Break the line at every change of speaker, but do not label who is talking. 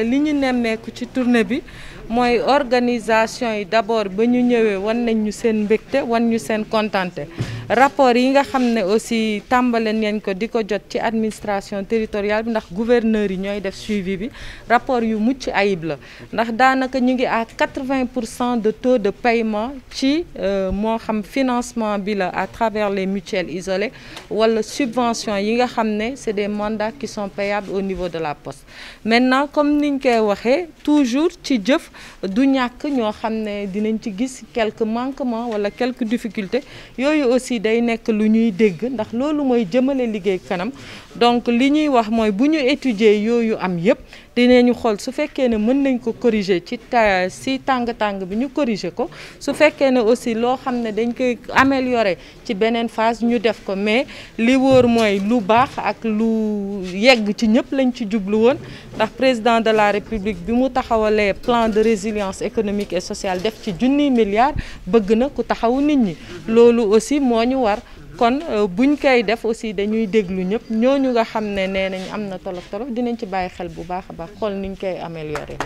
te li ñu nemmeeku ci tournée bi mooy organisation yi d'abord ba ñu ñëwee wan nañ seen mbégte wan ñu seen kontante rapport yi nga aussi tàmbale ngeen ko territoriale bi ndax gouverneur yi ñooy def suivi bi rapport yu mucc ayib la ndax daanaka ñu ngi à 80 de taux de paiement ci euh, moo xam financement bi la à travers les mutuelles isolées wala subvention yi nga xam c'est des mandats qui sont payables au niveau de la poste maintenant comme nous l'avons waxee toujours ci jëf du ñàkk dinañ quelques manquements wala quelques difficultés yooyu aussi day que nous ndax nous donc dinañu xool su fekkee ne mën nañ ko corriger ci ta si tàng-tàng bi ñu corriger ko su fekkee ne aussi loo xam ne dañ koy améliorer ci beneen phase ñu def ko mais li wóor mooy lu baax ak lu yegg ci ñëpp lañ ci jublu woon ndax président de la république bi mu taxawalee plan de résilience économique et sociale def ci junniy milliards bëgg na ku taxaw nit ñi loolu aussi moo ñu war kon euh, buñ koy def aussi dañuy déglu ñëpp ñooñu nga xam ne nee nañ am na tolof tolof dinañ ci bàyyi xel bu baax a baax xool ni ñu koy amélioré.